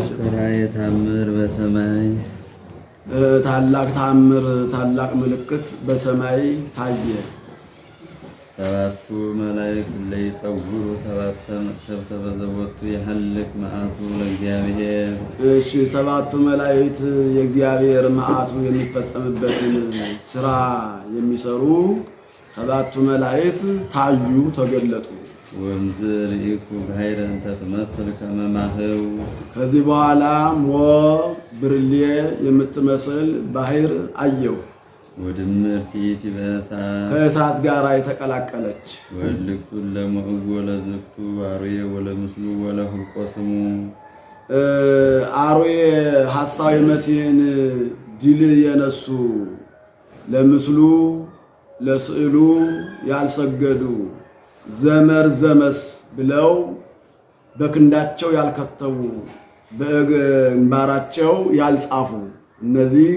አስተርአየ ታምር በሰማይ ታላቅ ተአምር ታላቅ ምልክት በሰማይ ታየ። ሰባቱ መላእክት ለይጸውሩ ሰብተ በዘቦቱ የሐልቅ መዓቱ ለእግዚአብሔር። እሺ ሰባቱ መላእክት የእግዚአብሔር መዓቱ የሚፈጸምበትን ስራ የሚሰሩ ሰባቱ መላእክት ታዩ፣ ተገለጡ። ወምዝ ርኢኩ ባሕይረ እንተ ትመስል ከመ ማህው። ከዚህ በኋላ ሞ ብርሌ የምትመስል ባሕር አየው ወድምርቲ ቲበሳ ከእሳት ጋር የተቀላቀለች ወልክቱን ለሞእው ወለዝክቱ አርዌ ወለምስሉ ወለሁልቆ ስሙ አርዌ ሐሳዊ መሲህን ድል የነሱ ለምስሉ ለስዕሉ ያልሰገዱ ዘመር ዘመስ ብለው በክንዳቸው ያልከተቡ በግንባራቸው ያልጻፉ እነዚህ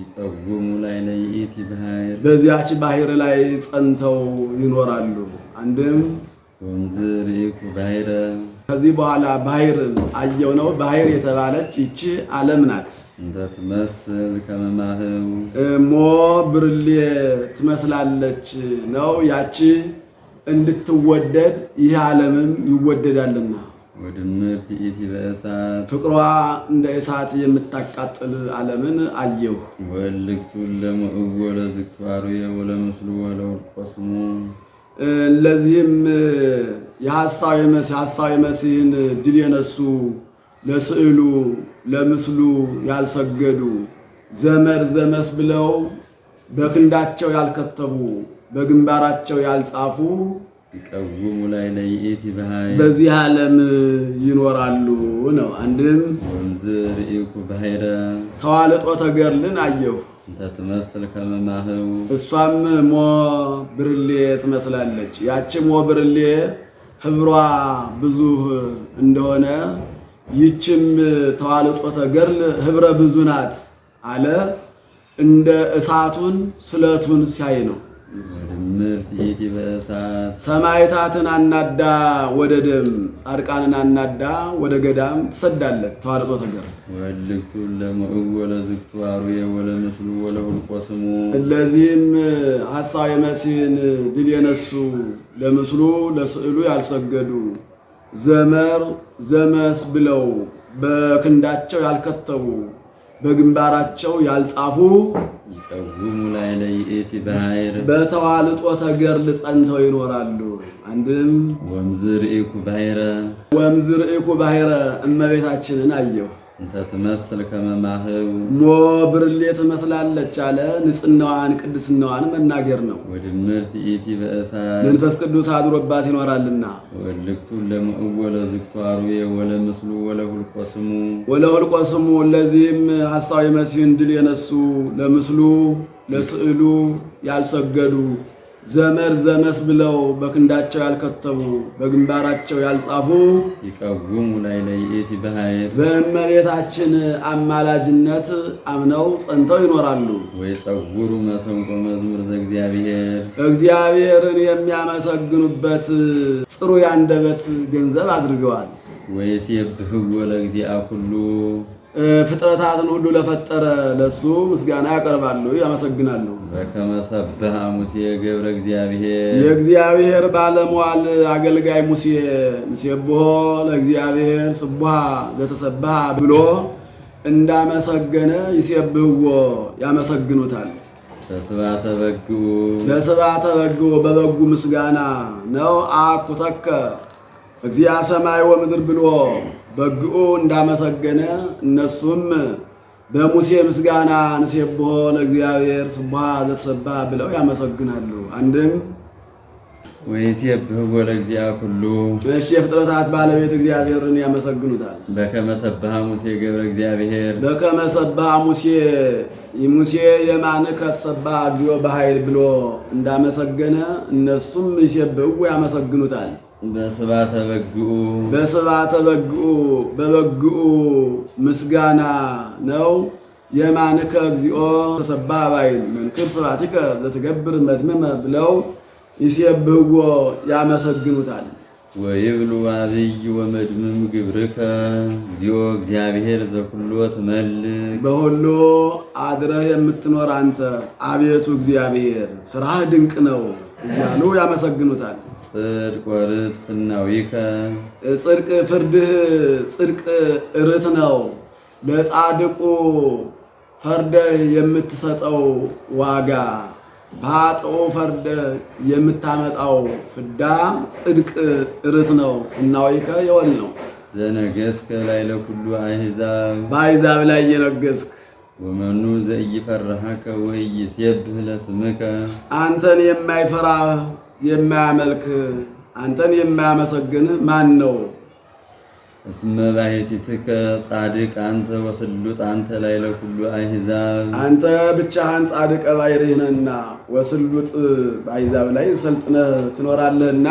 ይቀውሙ ላይ ይእቲ ባሕር በዚያች ባሕር ላይ ጸንተው ይኖራሉ። አንድም ወንዝ ርኢኩ ባሕረ ከዚህ በኋላ ባሕርን አየው ነው። ባሕር የተባለች ይቺ ዓለም ናት። እንተ ትመስል ከመ ማህው እሞ ብርሌ ትመስላለች ነው ያቺ እንድትወደድ ይህ ዓለምም ይወደዳልና ወድምር በእሳት ፍቅሯ እንደ እሳት የምታቃጥል ዓለምን አየሁ። ወልግቱን ወለምስሉ ወለወርቆ ስሙ። ለዚህም የሐሳዊ ሐሳዊ መሲህን ድል የነሱ ለስዕሉ ለምስሉ ያልሰገዱ ዘመድ ዘመስ ብለው በክንዳቸው ያልከተቡ በግንባራቸው ያልጻፉ ይቀውሙ ላይ ለይእቲ በሃይ በዚህ ዓለም ይኖራሉ ነው። አንድም ወንዝ ርኢኩ ባሕረ ተዋልጦ ተገርልን አየሁ እንተትመስል ከመ ማህው እሷም ሞ ብርሌ ትመስላለች። ያቺ ሞ ብርሌ ህብሯ ብዙ እንደሆነ ይችም ተዋልጦ ተገርል ህብረ ብዙ ናት አለ። እንደ እሳቱን ስለቱን ሲያይ ነው። በእሳት ሰማዕታትን አናዳ ወደ ደም፣ ጻድቃንን አናዳ ወደ ገዳም ትሰዳለህ። ተዋርጦ ተገር ወልክቱን ለምዕው ወለዝግቱ አርዌ ወለምስሉ ወለውልቆ ስሙ። እለዚህም ሐሳዊ መሲህን ድል የነሱ ለምስሉ ለስዕሉ ያልሰገዱ ዘመር ዘመስ ብለው በክንዳቸው ያልከተቡ በግንባራቸው ያልጻፉ ይቀውሙ ላይ ይእቲ በኃይር በተዋልጦ ተገድል ጸንተው ይኖራሉ። አንድም ወምዝ ርኢኩ ባሕረ ወምዝ ርኢኩ ባሕረ እመቤታችንን አየሁ እንተ ትመስል ከመማህው ኖ ብርሌ ትመስላለች አለ። ንጽህናዋን ቅድስናዋን መናገር ነው። ወድምርት ኢቲ በእሳት መንፈስ ቅዱስ አድሮባት ይኖራልና። ወልክቱ ለምእወለ ዝክቷሩ ወለ ምስሉ ወለ ሁልቆ ስሙ ወለ ሁልቆ ስሙ ለዚህም ሀሳዊ መሲህን ድል የነሱ ለምስሉ ለስዕሉ ያልሰገዱ ዘመር ዘመስ ብለው በክንዳቸው ያልከተቡ በግንባራቸው ያልጻፉ ይቀውሙ ላይ ለይእቲ በኃይል በእመቤታችን አማላጅነት አምነው ጸንተው ይኖራሉ። ወይጸውሩ መሰንቆ መዝሙር ዘእግዚአብሔር እግዚአብሔርን የሚያመሰግኑበት ጽሩ የአንደበት ገንዘብ አድርገዋል። ወይሴብህዎ ለእግዚአ ኩሉ ፍጥረታትን ሁሉ ለፈጠረ ለሱ ምስጋና ያቀርባሉ፣ ያመሰግናሉ። በከመ ሰብሐ ሙሴ ገብረ እግዚአብሔር የእግዚአብሔር ባለሟል አገልጋይ ሙሴ ምስብሖ ለእግዚአብሔር ስቡሐ ዘተሰብሐ ብሎ እንዳመሰገነ ይሴብህዎ ያመሰግኑታል። በስብሐተ በግዑ በስብሐተ በግዑ በበጉ ምስጋና ነው አኩተከ እግዚአ ሰማይ ወምድር ብሎ በግኦ እንዳመሰገነ እነሱም በሙሴ ምስጋና እንሴብሖ ለእግዚአብሔር ስቡሐ ዘተሰብሐ ብለው ያመሰግናሉ። አንድም ወይሴብሕዎ ለእግዚአብሔር ኩሉ እሺ፣ የፍጥረታት ባለቤት እግዚአብሔርን ያመሰግኑታል። በከመ ሰብሐ ሙሴ ገብረ እግዚአብሔር በከመ ሰብሐ ሙሴ ሙሴ የማን ተሰብሐ እግዚኦ በኃይል ብሎ እንዳመሰገነ እነሱም ይሴብሕዎ ያመሰግኑታል። በስባተ በግኡ በስባተ በግኡ በበግኡ ምስጋና ነው። የማንከ እግዚኦ ተሰባባይ መንክር ስብሐቲከ ዘትገብር መድመመ ብለው ይሴብህዎ ያመሰግኑታል። ወይብሉ አብይ ወመድምም ግብርከ እግዚኦ እግዚአብሔር ዘኩሎ ትመልክ በሁሉ አድረህ የምትኖር አንተ አቤቱ እግዚአብሔር ስራህ ድንቅ ነው። እያሉ ያመሰግኑታል። ጽድቅ ወርት ፍናዊከ ጽድቅ ፍርድህ ጽድቅ እርት ነው ለጻድቁ ፈርደ የምትሰጠው ዋጋ በአጥኦ ፈርደ የምታመጣው ፍዳ ጽድቅ እርት ነው። ፍናዊከ የወል ነው ዘነገስከ ላይ ለኩሉ አይዛብ በአሕዛብ ላይ የነገስክ ወመኑ ዘኢይፈርሃከ ወኢይሴብህ ለስምከ አንተን የማይፈራ የማያመልክህ አንተን የማያመሰግንህ ማን ነው? እስመ ባሕቲትከ ጻድቅ አንተ ወስሉጥ አንተ ላዕለ ኩሉ አሕዛብ አንተ ብቻህን ጻድቀ ባሕርይ ነህና ወስሉጥ በአሕዛብ ላይ ሰልጥነህ ትኖራለህና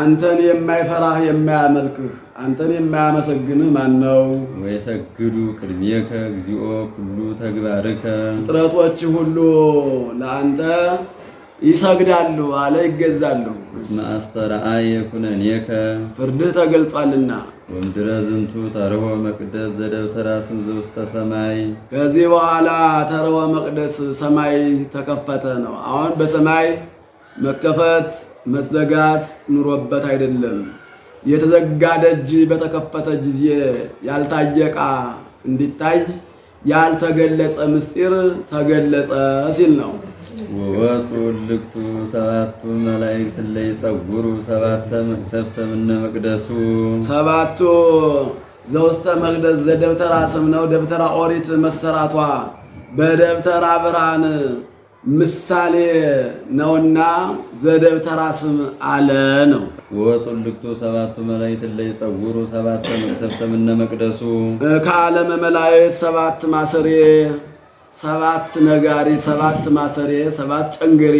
አንተን የማይፈራህ የማያመልክህ አንተን የማያመሰግንህ ማን ነው? ወይሰግዱ ቅድሜከ እግዚኦ ኩሉ ተግባርከ ፍጥረቶች ሁሉ ለአንተ ይሰግዳሉ አለ ይገዛሉ። እስመ አስተርአየ ኩነኔከ ፍርድህ ተገልጧልና። ወምድረ ዝንቱ ተርሆ መቅደስ ዘደብተራ ስምዘ ውስተ ሰማይ። ከዚህ በኋላ ተርሆ መቅደስ ሰማይ ተከፈተ ነው። አሁን በሰማይ መከፈት መዘጋት ኑሮበት አይደለም። የተዘጋ ደጅ በተከፈተ ጊዜ ያልታየ ዕቃ እንዲታይ ያልተገለጸ ምስጢር ተገለጸ ሲል ነው። ወወፁ ልክቱ ሰባቱ መላእክት ላይ ጸጉሩ ሰባተ መቅሰፍተ መቅደሱ ሰባቱ ዘውስተ መቅደስ ዘደብተራ ስም ነው። ደብተራ ኦሪት መሰራቷ በደብተራ ብርሃን ምሳሌ ነውና ዘደብተራ ስም አለ ነው። ወጽልክቱ ሰባቱ መላእክት ላይ ጸጉሩ ሰባተ መቅሰፍተ ምነ መቅደሱ ከዓለመ መላእክት ሰባት ማሰሬ ሰባት ነጋሪ ሰባት ማሰሬ ሰባት ጨንገሬ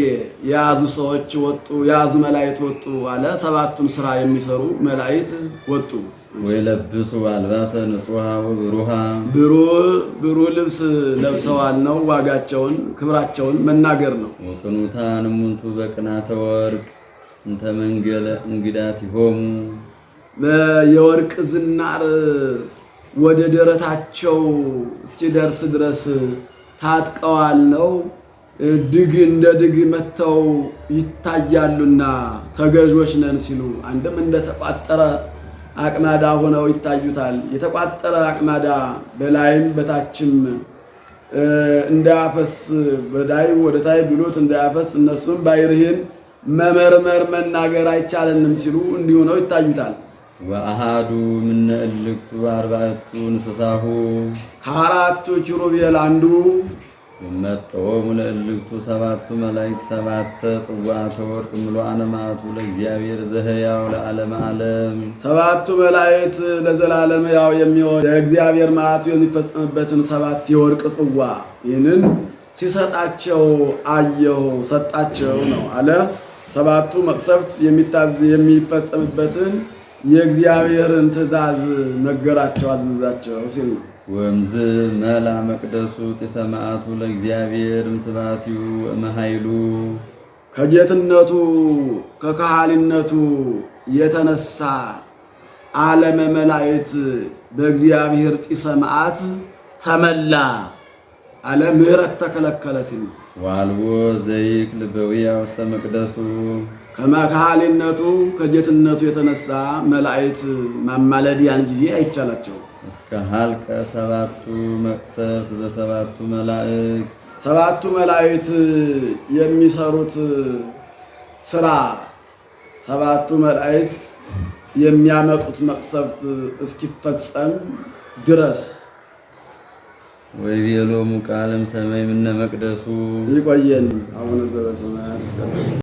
የያዙ ሰዎች ወጡ፣ የያዙ መላእክት ወጡ አለ። ሰባቱን ስራ የሚሰሩ መላእክት ወጡ። ወይለብሱ አልባሰ ንጹሐ ብሩሃ ብሩ ልብስ ለብሰዋል ነው ዋጋቸውን ክብራቸውን መናገር ነው። ወቅኑታን እሙንቱ በቅናተ ወርቅ እንተ መንገለ እንግዳት ይሆሙ የወርቅ ዝናር ወደ ደረታቸው እስኪደርስ ድረስ ታጥቀዋል ነው። ድግ እንደ ድግ መጥተው ይታያሉና ተገዦች ነን ሲሉ አንድም እንደተቋጠረ አቅማዳ ሆነው ይታዩታል። የተቋጠረ አቅማዳ በላይም በታችም እንዳያፈስ በላይ ወደ ታይ ብሎት እንዳያፈስ እነሱም ባይርህን መመርመር መናገር አይቻለንም ሲሉ እንዲሁ ነው ይታዩታል። ወአሃዱ ምነ እልክቱ አርባዕቱ እንስሳሁ ከአራቱ ኪሩቤል አንዱ ይመጠወሙ ለእልግቱ ሰባቱ መላእክት ሰባተ ጽዋዕተ ወርቅ ምሉአነ መዓቱ ለእግዚአብሔር ዘህያው ለዓለም ዓለም። ሰባቱ መላእክት ለዘላለም ያው የሚሆን ለእግዚአብሔር መዓቱ የሚፈጸምበትን ሰባት የወርቅ ጽዋ ይህንን ሲሰጣቸው አየሁ ሰጣቸው ነው አለ። ሰባቱ መቅሰፍት የሚፈጸምበትን የእግዚአብሔርን ትእዛዝ ነገራቸው፣ አዘዛቸው ሲል ነው። ወምዝ መላ መቅደሱ ጢሰ ለእግዚአብሔር ምስባትዩ መሃይሉ ከጌትነቱ ከካህሊነቱ የተነሳ ዓለመ መላእክት በእግዚአብሔር ጢሰ መዓት ተመላ አለ። ምሕረት ተከለከለ ሲል ዋልዎ ዘይክል በውያ ውስተ መቅደሱ ከመካህሊነቱ ከጌትነቱ የተነሳ መላእክት ማማለድ ያን ጊዜ አይቻላቸው። እስከ ሀልቀ ሰባቱ መቅሰፍት ዘሰባቱ መላእክት ሰባቱ መላእክት የሚሰሩት ስራ ሰባቱ መላእክት የሚያመጡት መቅሰፍት እስኪፈጸም ድረስ ወይ ቤሎሙ ቃለም ሰማይ ምነ መቅደሱ ይቆየን። አቡነ ዘበሰማያት